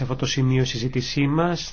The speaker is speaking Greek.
Σε αυτό το σημείο η συζήτησή μας